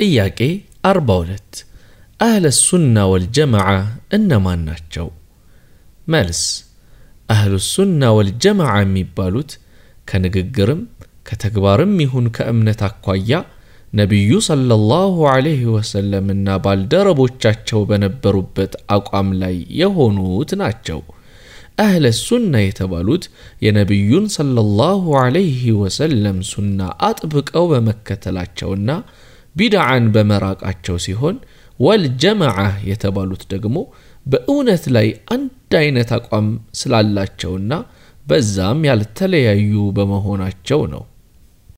ጥያቄ 42 አህለ ሱና ወልጀማዓ እነማን ናቸው? መልስ አህሉ ሱና ወልጀማዓ የሚባሉት ከንግግርም ከተግባርም ይሁን ከእምነት አኳያ ነቢዩ ሰለላሁ ዐለይሂ ወሰለምና ባልደረቦቻቸው በነበሩበት አቋም ላይ የሆኑት ናቸው። አህለ ሱና የተባሉት የነቢዩን ሰለላሁ ዐለይሂ ወሰለም ሱና አጥብቀው በመከተላቸውና ቢድዓን በመራቃቸው ሲሆን ወልጀማዓ የተባሉት ደግሞ በእውነት ላይ አንድ አይነት አቋም ስላላቸውና በዛም ያልተለያዩ በመሆናቸው ነው።